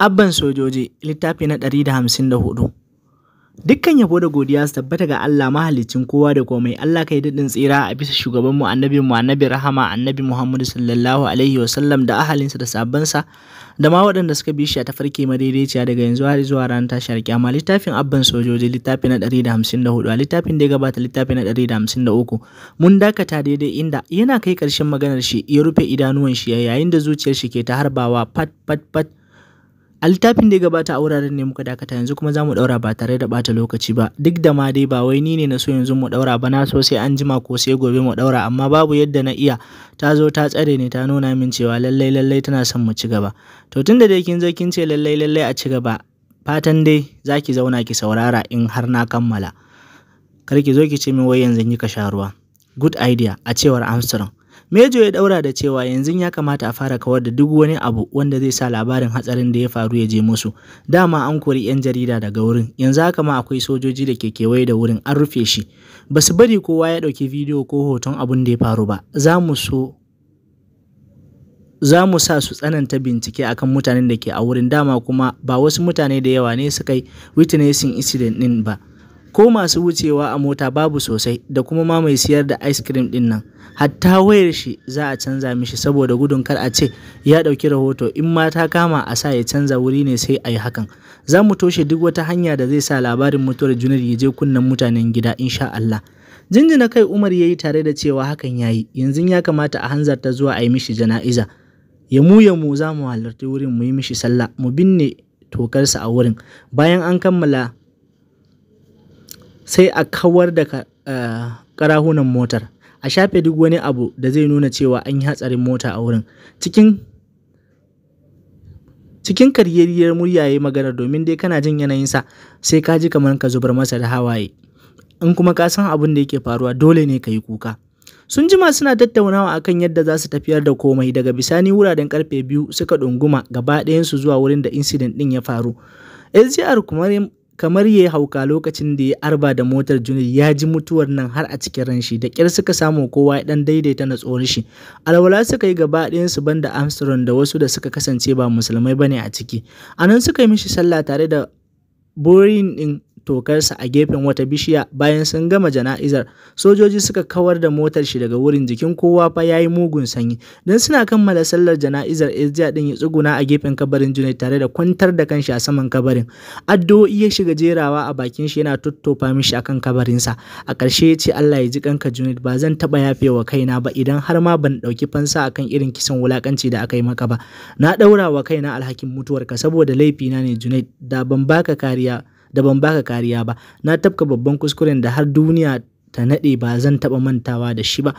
Abban Sojoji littafi na 154 Dukkan yabo da godiya su tabbata ga Allah mahalicin kowa da komai Allah kai daɗin tsira a bisa shugabanmu annabi mu annabi rahama annabi Muhammadu sallallahu alaihi wasallam da ahalinsa da sabbansa da ma waɗanda suka bi shi a tafarki madaidaiciya daga yanzu har zuwa ran tashar kyama littafin abban sojoji littafi na 154 a littafin da ya gabata littafi na 153 mun dakata daidai inda yana kai ƙarshen maganar shi ya rufe idanuwan shi yayin da zuciyar shi ke ta harbawa pat pat pat a littafin da ya gabata a wuraren ne muka dakata yanzu kuma za mu daura ba tare da bata lokaci ba duk da ma dai ba wai ni ne na so yanzu mu daura ba na so sai an jima ko sai gobe mu daura amma babu yadda na iya ta zo ta tsare ne ta nuna min cewa lallai lallai tana son mu ci gaba to tunda dai kin zo kin ce lallai lallai a ci gaba fatan dai zaki zauna ki saurara in har na kammala kar ki zo ki ce min wai yanzu ka sha ruwa good idea a cewar Armstrong Mejo ya daura da cewa yanzu ya kamata a fara kawar da duk wani abu wanda zai sa labarin hatsarin da ya faru ya je musu. Dama an kori 'yan jarida daga wurin, yanzu haka ma akwai sojoji da ke kewaye da wurin an rufe shi. Ba su bari kowa ya ɗauki bidiyo ko hoton abun da ya faru ba, za mu so za mu sa su tsananta bincike akan mutanen da ke a wurin dama kuma ba wasu mutane da yawa ne suka yi witnessing incident ɗin ba. ko masu wucewa a mota babu sosai da kuma ma mai siyar da ice cream ɗin nan, hatta wayar shi za a canza mishi saboda gudun kar a ce ya ɗauki rahoto in ma ta kama a sa ya canza wuri ne sai a yi hakan. Za mu toshe duk wata hanya da zai sa labarin mutuwar junar ya je kunnen mutanen gida insha Allah. Jinjina kai Umar yayi tare da cewa hakan yayi yanzu ya kamata a hanzarta zuwa a yi mishi jana'iza. Ya ya mu za mu halarci wurin mu yi mishi sallah, mu binne tokarsa a wurin. Bayan an kammala sai a kawar da karahunan motar a shafe duk wani abu da zai nuna cewa an yi hatsarin mota a wurin cikin cikin karyayyar murya ya yi magana domin dai kana jin yanayinsa sai ka ji kamar ka zubar masa da hawaye in kuma ka san abin da yake faruwa dole ne ka yi kuka sun jima suna tattaunawa akan yadda za su tafiyar da komai daga bisani wuraren karfe biyu suka ɗunguma gaba ɗayansu zuwa wurin da incident ɗin ya faru SGR kamar ya yi hauka lokacin da ya arba da motar juni ya ji mutuwar nan har a cikin ran shi da kyar suka samu kowa ya dan daidaita na tsoron shi alwala suka yi gaba ɗayan su banda Armstrong da wasu da suka kasance ba musulmai bane a ciki anan suka yi mishi sallah tare da boring din tokarsa a gefen wata bishiya bayan sun gama jana'izar sojoji suka kawar da motar shi daga wurin jikin kowa fa yayi mugun sanyi don suna kammala sallar jana'izar Ezra din ya tsuguna a gefen kabarin junai tare da kwantar da kanshi a saman kabarin addu'o'i ya shiga jerawa a bakin shi yana tottofa mishi akan kabarinsa a ƙarshe ya ce Allah ya ji kanka junai ba zan taɓa wa kaina ba idan har ma ban ɗauki fansa akan irin kisan wulakanci da aka yi maka ba na ɗaura wa kaina alhakin mutuwarka saboda laifina ne junai da ban baka kariya da ban baka kariya ba na tafka babban kuskuren da har duniya ta nade ba zan taɓa mantawa da shi ba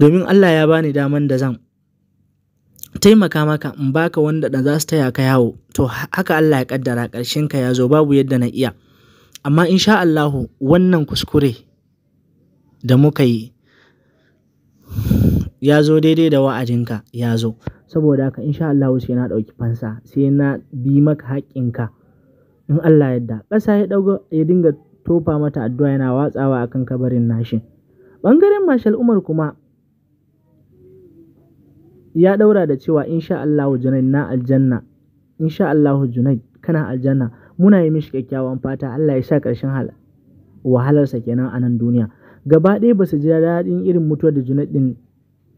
domin Allah ya bani daman da zan taimaka maka in baka wanda da za su taya ka yawo to haka Allah ya kaddara karshen ka ya zo babu yadda na iya amma insha Allahu wannan kuskure da muka yi ya zo daidai da wa'adinka ya zo saboda haka insha Allahu sai na ɗauki fansa sai na bi maka ka in Allah yadda ƙasa ya ya dinga tofa mata addu'a yana watsawa akan kabarin nashi ɓangaren mashal umar kuma ya ɗaura da cewa insha Allahu na aljanna insha Allah junaid kana aljanna muna yi mishi kyakkyawan fata Allah ya sa ƙarshen wahalarsa kenan a nan duniya gaba ɗaya ba su ji daɗin irin mutuwar da junai ɗin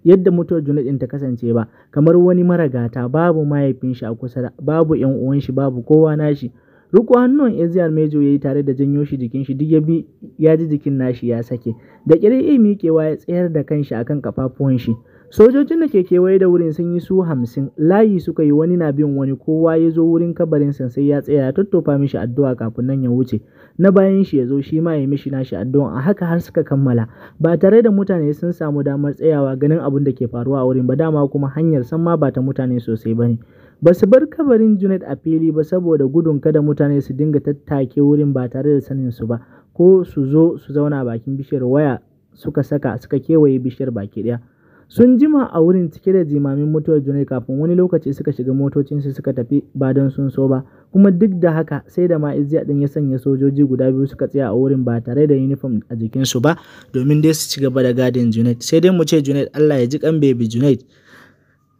yadda mutuwar junaid ɗin ta kasance ba kamar wani maragata babu mahaifin shi a kusa babu yan uwan shi babu kowa nashi Ruku hannun Eziyar Mejo ya yi tare da janyo shi jikin shi duk ya bi ya ji jikin nashi ya sake. Da ƙirin iya miƙewa ya tsayar da kanshi akan kafafuwan shi. Sojojin da ke kewaye da wurin sun yi su hamsin layi suka yi wani na bin wani kowa ya zo wurin kabarin sa sai ya tsaya ya tattofa mishi addu'a kafin nan ya wuce. Na bayan shi ya zo shi ma ya mishi nashi addu'a a haka har suka kammala ba tare da mutane sun samu damar tsayawa ganin abin da ke faruwa a wurin ba dama kuma hanyar san ma ba ta mutane sosai ba ne. ba su bar kabarin Junaid a fili ba saboda gudun kada mutane su dinga tattake wurin ba tare da sanin su ba ko su zo su zauna bakin bishiyar waya suka saka suka kewaye bishiyar baki daya sun jima a wurin cike da jimamin mutuwar Junaid kafin wani lokaci suka shiga motocin su suka tafi ba don sun so ba kuma duk da haka sai da ma izziya din ya sanya sojoji guda biyu suka tsaya a wurin ba tare da uniform a jikin su ba domin dai su ci gaba da gadin Junaid sai dai mu ce Junaid Allah ya ji kan baby Junaid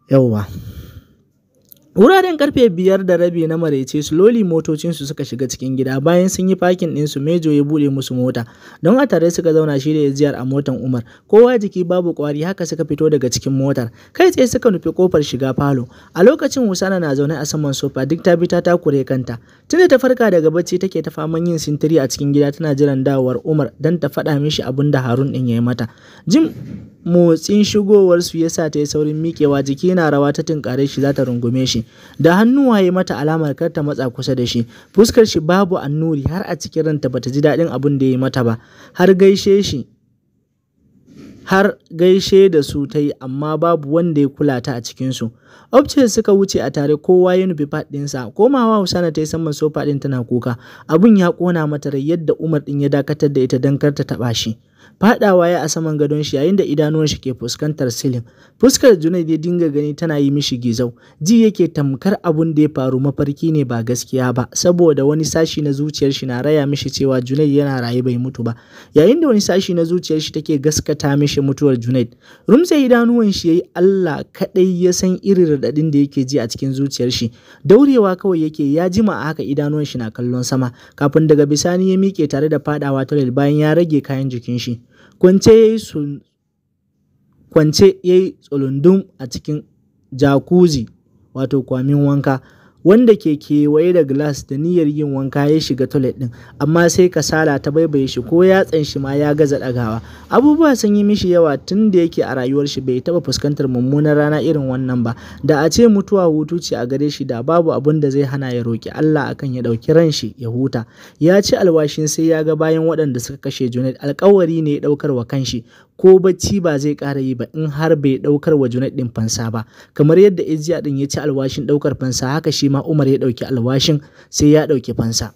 yawwa Wuraren karfe biyar da rabi na maraice suloli motocinsu suka shiga cikin gida bayan sun yi fakin su mejo ya bude musu mota don a tare suka zauna shi da ziyar a motan Umar kowa jiki babu kwari haka suka fito daga cikin motar kai tsaye suka nufi kofar shiga falo a lokacin Husana na zaune a saman sofa duk ta bi ta takure kanta tunda ta farka daga bacci take ta faman yin sintiri a cikin gida tana jiran dawowar Umar dan ta faɗa mishi abin da Harun din yayi mata jim motsin shigowarsu ya sa ta yi saurin mikewa jiki na rawa ta tunkare shi za ta rungume shi da hannuwa ya mata alamar kar ta matsa kusa da shi fuskar shi babu annuri har a cikin ranta bata ji daɗin abin da ya mata ba har gaishe shi har gaishe da su ta yi amma babu wanda ya kula ta a cikinsu. Obce suka wuce a tare kowa ya nufi faɗinsa, komawa Husana ta yi saman sofa ɗin tana kuka, abun ya ƙona mata rai yadda Umar ɗin ya dakatar da ita don kar ta taɓa shi. faɗawa ya a saman gadon shi yayin da idanuwan shi ke fuskantar silim? Fuskar Junaid ya dinga gani tana yi mishi gizau. Ji yake tamkar abun da ya faru mafarki ne ba gaskiya ba saboda wani sashi na zuciyar shi na raya mishi cewa Junaid yana raye bai mutu ba. Yayin da wani sashi na zuciyar shi take gaskata mishi mutuwar Junaid. Rumse idanuwan shi yayi Allah kadai ya san irin radadin da yake ji a cikin zuciyar shi. Daurewa kawai yake ya jima a haka idanuwan shi na kallon sama kafin daga bisani ya miƙe tare da faɗawa toilet bayan ya rage kayan jikin shi. Kwance ya yi tsulundum a cikin jacuzzi wato kwamin wanka. wanda ke kewaye da glass da niyyar yin wanka ya shiga toilet ɗin amma sai kasala ta baibaye shi ko tsan shi ma ya gaza ɗagawa abubuwa sun yi mishi yawa tun da yake a rayuwar shi bai taɓa fuskantar mummunar rana irin wannan ba da a ce mutuwa hutu ce a gare shi da babu abin da zai hana ya roki Allah akan ya ɗauki ran shi ya huta ya ci alwashin sai ya ga bayan waɗanda suka kashe Junaid alƙawari ne ya ɗaukar wa kanshi ko bacci ba zai ƙara yi ba in har bai ɗaukar wa Junaid ɗin fansa ba kamar yadda Izziya din ya ci alwashin ɗaukar fansa haka shi ma Umar ya ɗauki alwashin sai ya ɗauki fansa.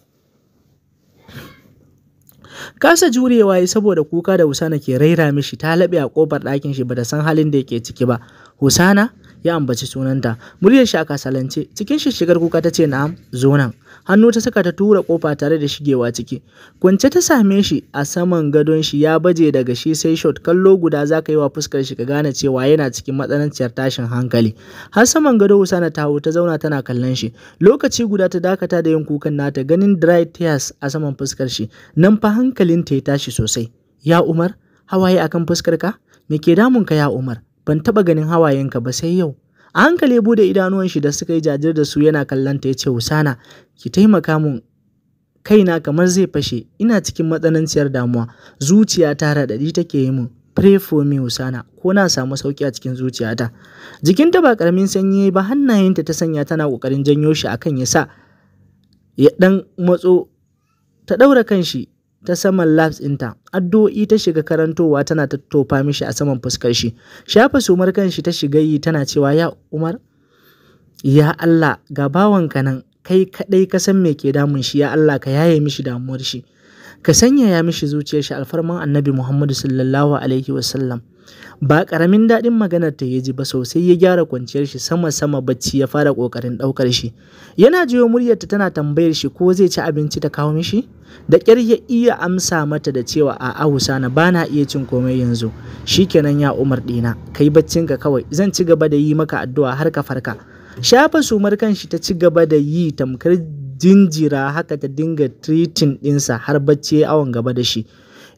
kasa jurewa ya saboda kuka da Husana ke raira mishi ta laɓe a ƙofar ɗakin shi ba ta san halin da yake ciki ba. Husana ya ambaci sunanta muryar shi a kasalance cikin shishigar kuka ta ce na'am zo nan hannu ta saka ta tura kofa tare da shigewa ciki kwance ta same shi a saman gadon shi ya baje daga shi sai shot kallo guda za ka yi wa fuskar shi ka gane cewa yana cikin matsananciyar tashin hankali har saman gado husana ta hau ta zauna tana kallon shi lokaci guda ta dakata da yin kukan nata ganin dry tears a saman fuskar shi nan fa hankalin ta ya tashi sosai ya umar hawaye akan fuskar ka me ke damun ka ya umar ban taɓa ganin hawayenka ba sai yau. A hankali bude idanuwan shi da suka yi jajir da su yana kallanta ya ce Usana ki taimaka mun kaina kamar zai fashe ina cikin matsananciyar damuwa zuciya ta raɗaɗi take yi mun pray for me Usana ko na samu sauki a cikin zuciyata jikinta ba karamin sanyi ba hannayenta ta sanya tana kokarin janyo shi akan ya sa ya dan matso ta daura kanshi ta saman Labs ɗinta addu'o'i ta shiga karantowa tana tofa mishi a saman fuskar shi shafa sumar kanshi ta shiga yi tana cewa ya umar ya allah ga bawanka nan kai kaɗai ka san me ke damun shi ya allah ka yaye mishi damuwar shi ka sanya ya mishi zuciyar shi alfarman annabi muhammadu sallallahu alaihi wasallam Ba ƙaramin daɗin maganarta ya ji ba sosai ya gyara kwanciyar shi sama-sama bacci ya fara ƙoƙarin ɗaukar shi. Yana jiyo muryarta tana tambayar shi ko zai ci abinci ta kawo mishi? Da kyar ya iya amsa mata da cewa a'a Husana na bana iya cin komai yanzu. Shikenan ya Umar ɗina, kai ka kawai zan ci gaba da yi maka addu'a har ka farka. Shafa sumar kan shi ta ci gaba da yi tamkar jinjira haka ta dinga treating ɗinsa har bacci awon gaba da shi.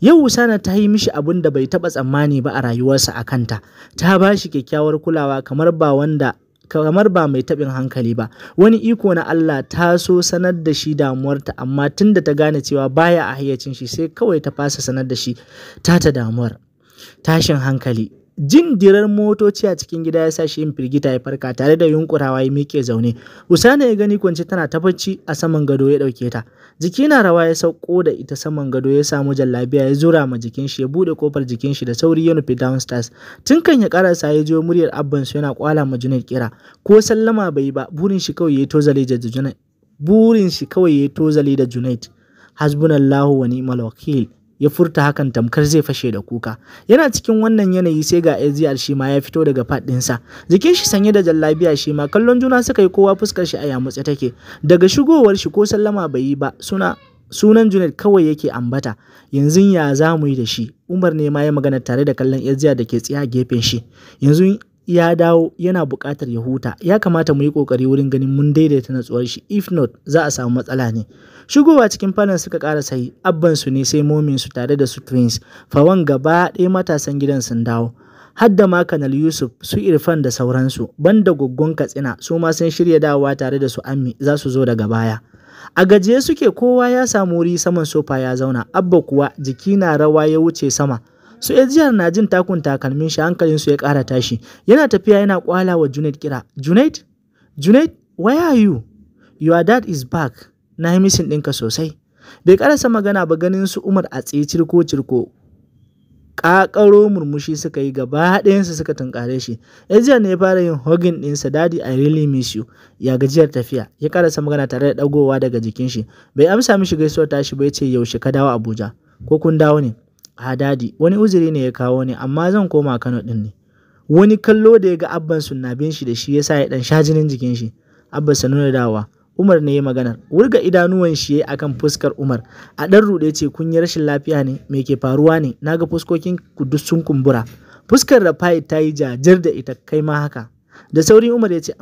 Yau sana ta yi mishi abin da bai taɓa tsammani ba a rayuwarsa a kanta, ta ba shi kyakkyawar kulawa kamar ba wanda kamar ba mai taɓin hankali ba wani iko na Allah ta so sanar da shi damuwarta amma tun da ta gane cewa baya a hayyacin shi sai kawai ta fasa sanar da shi ta ta damuwar tashin hankali Jin dirar motoci a cikin gida ya sa shi yin firgita ya farka tare da yunkurawa ya miƙe zaune. Usana ya gani kwance tana ta bacci a saman gado ya ɗauke ta. Jiki na rawa ya sauko da ita saman gado ya samu jallabiya ya zura ma jikin shi ya buɗe kofar jikin shi da sauri ya nufi downstairs. Tun kan ya karasa ya jiyo muryar abban su yana kwala ma junan kira. Ko sallama bai ba burin shi kawai ya tozale da Junaid. Burin shi kawai ya tozale da Junaid. Hasbunallahu wani ni'mal ya furta hakan tamkar zai fashe da kuka yana cikin wannan yanayi sai ga ezr shi ma ya fito daga faɗinsa jikin shi sanye da jallabiya shi ma kallon juna suka yi kowa fuskar shi a yamutse take daga shigowar shi ko sallama bai yi ba suna sunan Junet kawai yake ambata yanzu ya za mu yi da shi Umar ne ma ya magana tare da kallon Ezra da ke tsaye a gefen shi yanzu ya dawo yana buƙatar ya huta ya kamata mu yi ƙoƙari wurin ganin mun daidaita natsuwar shi if not za a samu matsala ne shigowa cikin falon suka ƙara sayi abban su ne sai momin su tare da su twins fawan gaba ɗaya matasan gidan sun dawo har da ma kanal yusuf su irfan da sauransu banda goggon katsina su ma sun shirya dawowa tare da su ammi za su zo daga baya a gajiye suke kowa ya samu wuri saman sofa ya zauna abba kuwa jiki na rawa ya wuce sama su ajiyar na jin takun takalmin shi hankalin su ya kara tashi yana tafiya yana kwala wa Junaid kira Junaid Junaid where are you your dad is back na yi misin ɗinka sosai bai karasa magana ba ganin su Umar a tsaye cirko cirko ƙaƙaro murmushi suka yi gaba ɗayansu suka tunkare shi ajiyar ne ya fara yin hogin ɗinsa dadi i really miss you ya gajiyar tafiya ya karasa magana tare da ɗagowa daga jikin shi bai amsa mishi gaisuwar tashi ba ya ce yaushe ka dawo abuja ko kun dawo ne Hadadi wani uzuri ne ya kawo ne amma zan koma Kano ɗin ne. Wani kallo da ya ga Abban suna bin shi da shi ya sa ya ɗan sha jinin jikin shi. Abba sannu da dawa, Umar ne ya magana. Wurga idanuwan shi ya akan fuskar Umar. A ɗan rude ce kun yi rashin lafiya ne me ke faruwa ne na ga fuskokin ku duk sun kumbura. Fuskar Rafai ta yi jajir da ita kai ma haka. Da sauri Umar ya ce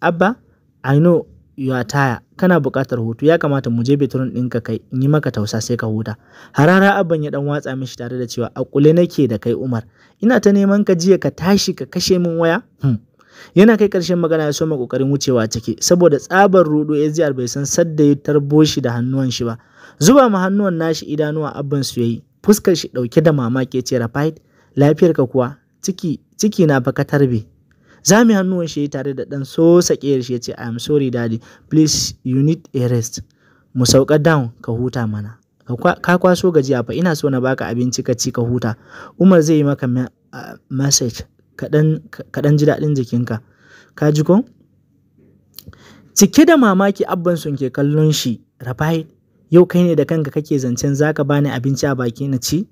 Abba I know tire kana buƙatar hutu ya kamata mu je ɗin ɗinka kai in yi maka tausa sai ka huta harara abban ya dan watsa mishi tare da cewa a kule nake da kai Umar ina ta neman ka jiya ka tashi ka kashe min waya hmm. yana kai ƙarshen magana ya soma ƙoƙarin wucewa ciki saboda tsabar rudo SGR bai san sadda ya tarbo shi da hannuwan shi ba zuba ma hannuwan nashi idanuwa abban su yayi fuskar shi ɗauke da mamaki ya ce Rafait lafiyarka kuwa ciki ciki na baka tarbe Zami hannuwan shi tare da ɗan so ƙeyar shi ya ce, am sorry daddy, please you need a rest. Mu sauka down ka huta mana. Ka kwaso gajiya fa ina so na baka abinci ka ci ka huta. Umar zai yi maka message kaɗan ji daɗin jikinka. Ka ji ko? Cike da mamaki abban sun ke kallon shi, rabai yau kai ne da kanka kake zancen zaka bani abinci a baki na ci?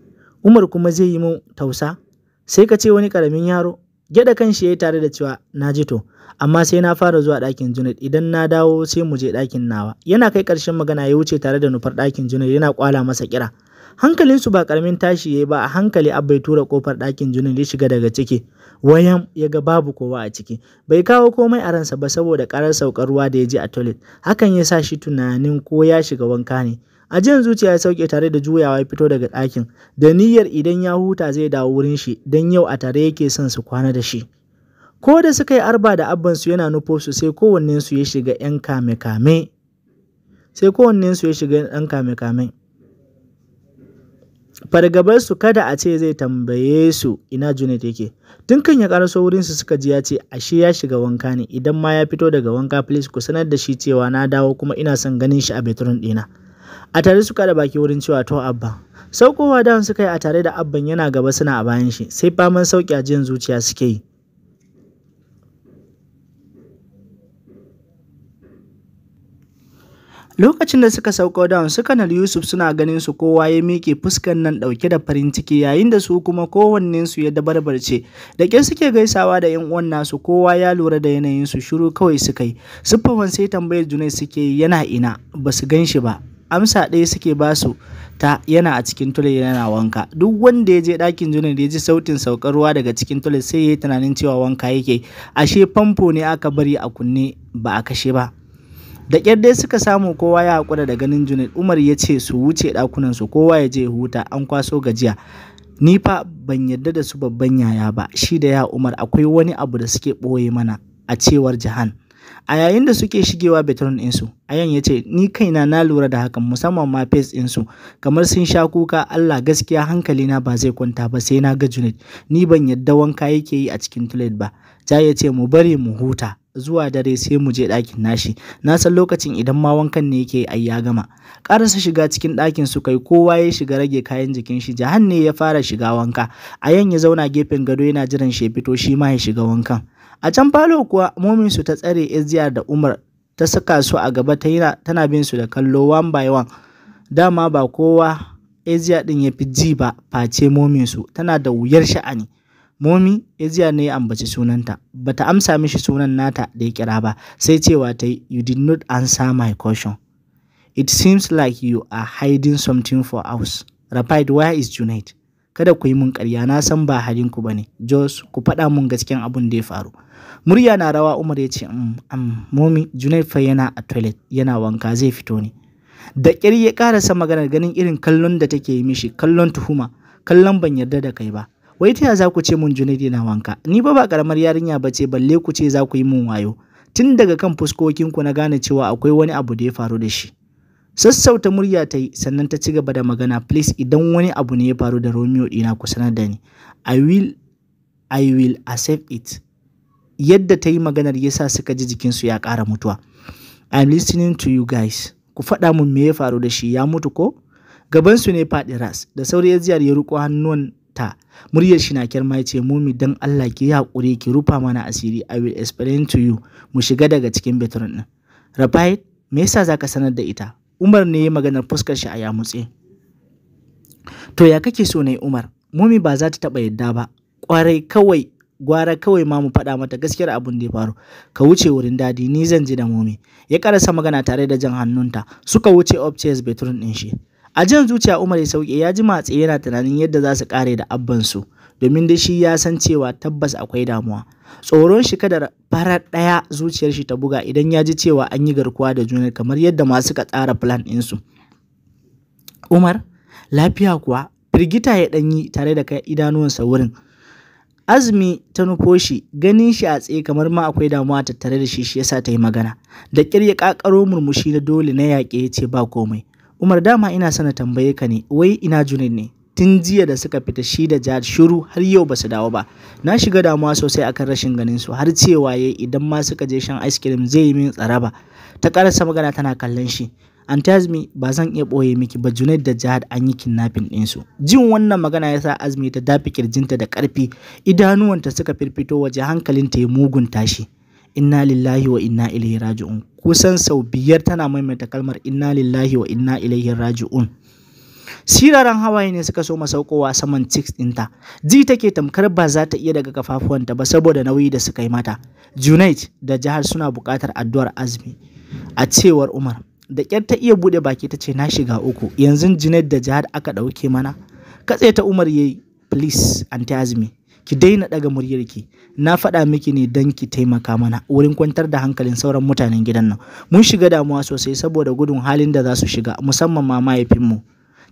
Umar kuma zai yi min tausa? Sai ka ce wani karamin yaro, Gyada kan shi ya yi tare da cewa na ji to, amma sai na fara zuwa ɗakin Junaid idan na dawo sai mu je ɗakin nawa. Yana kai ƙarshen magana ya wuce tare da nufar ɗakin Junaid yana kwala masa kira. hankalin su ba ƙaramin tashi ya ba a hankali abba ya tura kofar ɗakin Junaid ya shiga daga ciki. Wayan ya ga babu kowa a ciki. Bai kawo komai a ransa ba saboda ƙarar saukar ruwa da ya ji a toilet. Hakan ya sa shi tunanin ko ya shiga wanka ne. a Ajiyan zuciya ya sauke tare da juyawa ya fito daga ɗakin, da niyyar idan ya huta zai dawo wurin shi don yau a tare yake son su kwana da shi. Ko da suka yi arba da abbansu yana nufo su sai kowannensu ya shiga ‘yan kame-kame. Sai kowannensu ya shiga ‘yan kame-kame. Fargabarsu kada a ce zai tambaye su ina Junet yake. Tun kan ya wurin su suka ji ya ce ashe ya shiga wanka ne idan ma ya fito daga wanka please ku sanar da shi cewa na dawo kuma ina son ganin shi a bedroom dina a tare suka da baki wurin cewa to abba saukowa da suka yi a tare da abban yana gaba suna a bayan shi sai faman sauki a jin zuciya suke yi lokacin da suka sauko down suka nal yusuf suna ganin su kowa ya miƙe fuskan nan ɗauke da farin ciki yayin da su kuma kowannensu ya dabarbarce da ƙin suke gaisawa da yan uwan nasu kowa ya lura da yanayinsu shiru kawai suka yi siffawan sai tambayar junai suke yana ina ba su gan shi ba amsa ɗaya suke basu ta yana a cikin tule yana wanka duk wanda ya je ɗakin junan da ya ji sautin saukar ruwa daga cikin tule sai ya yi tunanin cewa wanka yake ashe famfo ne aka bari a kunne ba a kashe ba da ƙyar dai suka samu kowa ya haƙura da ganin junaid umar ya ce su wuce ɗakunansu kowa ya je huta an kwaso gajiya ni fa ban yarda da su babban yaya ba shi da ya umar akwai wani abu da suke ɓoye mana a cewar jahan A yayin da suke shigewa betron ɗinsu, ayan ya ce, Ni kaina na lura da hakan musamman ma face ɗinsu, kamar sun sha kuka Allah gaskiya hankalina ba zai kwanta ba sai na ga junet ni ban yadda wanka yake yi a cikin toilet ba. Ja ya ce mu bari mu huta. zuwa dare sai mu je ɗakin nashi na san lokacin idan ma wankan ne yake ai ya gama ƙarasa shiga cikin ɗakin su kai kowa ya shiga rage kayan jikin shi jahan ne ya fara shiga wanka a yan ya zauna gefen gado yana jiran shi fito shi ma ya shiga wankan a can falo kuwa momin su ta tsare SDR da Umar ta saka su a gaba tana bin su da kallo one by one dama ba kowa Asia din ya fi ji ba face momin su tana da wuyar sha'ani Momi jiya ne ya ambaci sunanta, ba ta amsa mishi sunan nata da ya kira ba, sai cewa ta yi “you did not answer my question, it seems like you are hiding something for us” replied “where is Junaid?” Kada ku yi mun karya, na san ba halinku ba ne, Jos ku faɗa mun gaskiyan abin da ya faru. Murya na rawa Umar ya ce mm, mm, Momi Junaid fa yana a toilet yana wanka zai fito ne. Da ƙyar ya ƙarasa maganar ganin irin kallon da take yi mishi kallon tuhuma kallon ban yarda da kai ba. wai ta za ku ce mun Junaidi na wanka ni ba ba karamar yarinya ba ce balle ku ce za ku yi mun wayo tun daga kan fuskokinku na gane cewa akwai wani abu da ya faru da shi sassauta murya ta yi sannan ta ci gaba da magana please idan wani abu ne ya faru da romeo dina ku sanar da ni i will i will accept it yadda ta yi maganar yasa suka ji jikinsu ya ƙara mutuwa i'm listening to you guys ku faɗa mun me ya faru da shi ya mutu ko gabansu ne faɗi ras da sauri ya ziyar ya riƙo hannuwan ta muryar shi na kyarma ce mumi Don Allah ki haƙuri ki rufa mana asiri I will explain to you mu shiga daga cikin bedroom din Rafai me yasa zaka sanar da ita Umar ne ya maganar fuskar shi a ya mutse To ya kake so ne Umar mumi ba za ta taba yadda ba kwarai kawai gwara kawai ma mu faɗa mata gaskiyar abin da ya faru ka wuce wurin dadi ni zan ji da Mumi. ya karasa magana tare da jan hannunta suka wuce upstairs bedroom ɗin shi A jan zuciya Umar ya sauke ya ji a yana tunanin yadda za su kare da abbansu domin da shi ya san cewa tabbas akwai damuwa. Tsoron shi kada farar ɗaya zuciyar shi ta buga idan ya ji cewa an yi garkuwa da juna kamar yadda masu ka tsara plan su Umar, lafiya kuwa, firgita ya ɗanyi tare da kai idanuwansa wurin. Azumi ta nufo shi, ganin shi a tsaye kamar ma akwai damuwa tattare da shi shi yasa ta yi magana. Da ƙyar ya murmushi na dole na yaƙe ya ce ba komai. Umar dama ina sana tambaye ka ne, wai ina Junaid ne? Tun jiya da suka fita shi da jihar shiru har yau ba su dawo ba. Na shiga damuwa sosai akan rashin ganin su har cewa yayi idan ma suka je shan ice cream zai yi min tsaraba. Ta karasa magana tana kallon shi. Anti Azmi ba zan iya ɓoye miki ba Junaid da jihar an yi kidnapping ɗinsu. Jin wannan magana ya sa Azmi ta dafi kirjinta da ƙarfi, idanuwanta suka firfito waje ta ya mugun tashi. inna lillahi wa inna ilaihi raji'un kusan sau biyar tana maimaita kalmar inna lillahi wa inna ilaihi raji'un siraran hawaye ne suka so masaukowa saman chicks ɗinta ji take tamkar ba za ta iya daga kafafuwanta ba saboda nauyi da suka yi mata junaid da jihar suna buƙatar addu'ar azumi a cewar umar da ƙyar ta iya buɗe baki ta ce na shiga uku yanzu junaid da jihar aka ɗauke mana katse ta umar yayi please anti azumi ki daina ɗaga muryarki na faɗa miki ne don ki taimaka mana wurin kwantar da hankalin sauran mutanen gidan nan mun shiga damuwa sosai saboda gudun halin da za su shiga musamman ma mahaifinmu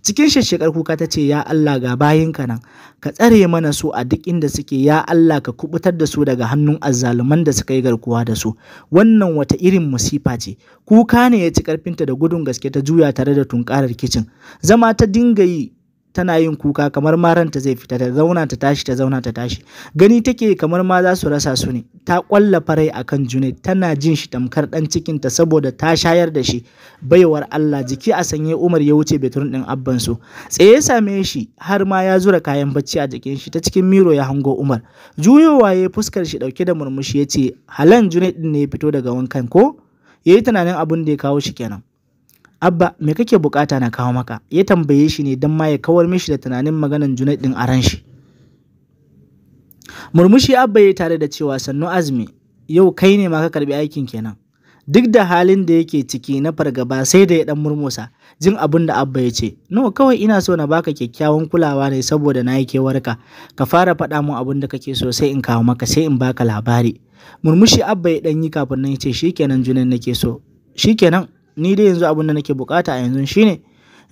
cikin shashshekar kuka ta ce ya Allah ga ka nan ka tsare mana su a duk inda suke ya Allah ka kubutar da su daga hannun azzaluman da suka yi garkuwa da su wannan wata irin musifa ce kuka ne ya ci karfinta da gudun gaske ta juya tare da tunkarar kicin zama ta dinga yi tana yin kuka kamar ma ranta zai fita ta zauna ta tashi ta zauna ta tashi gani take kamar ma za su rasa su ne ta kwalla farai akan june tana jin shi tamkar dan cikin ta saboda ta shayar da shi baiwar Allah jiki a sanye Umar ya wuce betrun din abban su tsaye same shi har ma ya zura kayan bacci a jikin shi ta cikin miro ya hango Umar juyowa ya fuskar shi dauke da murmushi yace halan june din ne ya fito daga wankan ko yayi tunanin abin da ya kawo shi kenan Abba me kake bukata na kawo maka? Ya tambaye shi ne don ma ya kawar mishi da tunanin maganan Junaid din a ran shi. Murmushi Abba ya tare da cewa sannu azumi yau kai ne ma ka karbi aikin kenan. Duk da halin da yake ciki na fargaba sai da ya dan murmusa jin abin da Abba ya ce, "No kawai ina so na baka kyakkyawan kulawa ne saboda na yi kewarka, ka fara faɗa mu abin da kake so sai in kawo maka sai in baka labari." Murmushi Abba ya dan yi kafin nan ya ce, "Shikenan junan nake so." Shikenan ni dai yanzu abin da nake bukata a yanzu shine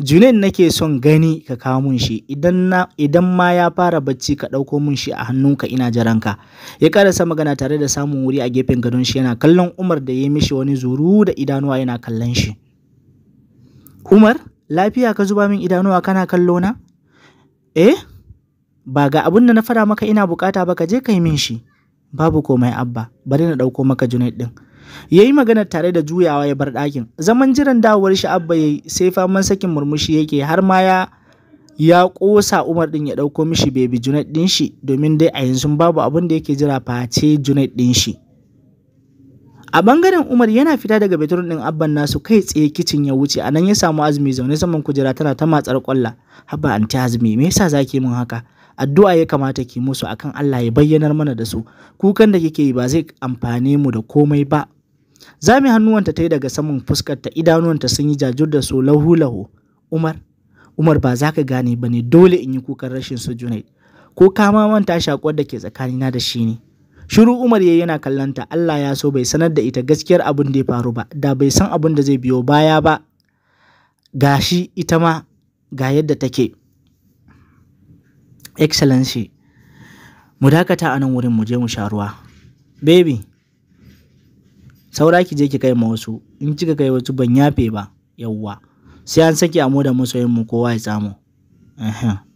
Junaid nake son gani ka kawo mun shi idan na idan ma ya fara bacci ka ɗauko mun shi a hannunka ina jaranka ya karasa magana tare da samun wuri a gefen gadon shi yana kallon Umar da ya mishi wani zuru da idanuwa yana kallon shi Umar lafiya ka zuba min idanuwa kana kallo na eh ba ga abin da na fara maka ina bukata ba ka je kai min shi babu komai abba bari na ɗauko maka Junaid din ya yi magana tare da juyawa ya bar ɗakin zaman jiran dawowar shi abba ya yi sai faman sakin murmushi yake har ma ya ya ƙosa umar ɗin ya ɗauko mishi bebi junaid ɗin shi domin dai a yanzu babu abin da yake jira face junaid ɗin shi a bangaren umar yana fita daga betrun ɗin abban nasu kai tsaye kicin ya wuce a nan ya samu azumi zaune saman kujera tana ta matsar kwalla haba anti azumi me yasa zaki mun haka addu'a ya kamata ki musu akan Allah ya bayyanar mana da su kukan da kike yi ba zai amfane mu da komai ba zami hannuwanta ta yi daga saman fuskarta idanuwanta sun yi jajur da su lahu lahu umar umar ba za ka gane ba ne dole in yi kukan rashin su junaid ko kama manta shakuwar da ke tsakanina da shi ne shiru umar ya yana kallanta Allah ya so bai sanar da ita gaskiyar abin da ya faru ba da bai san abin da zai biyo baya ba gashi ita ma ga yadda take Excellency, mu dakata a nan wurin mu je mu sha ruwa. Baby, saura ki je ki kai ma wasu, in kika kai wasu ban yafe ba, yawwa. Sai an saki a moda masoyin mu kowa ya samu.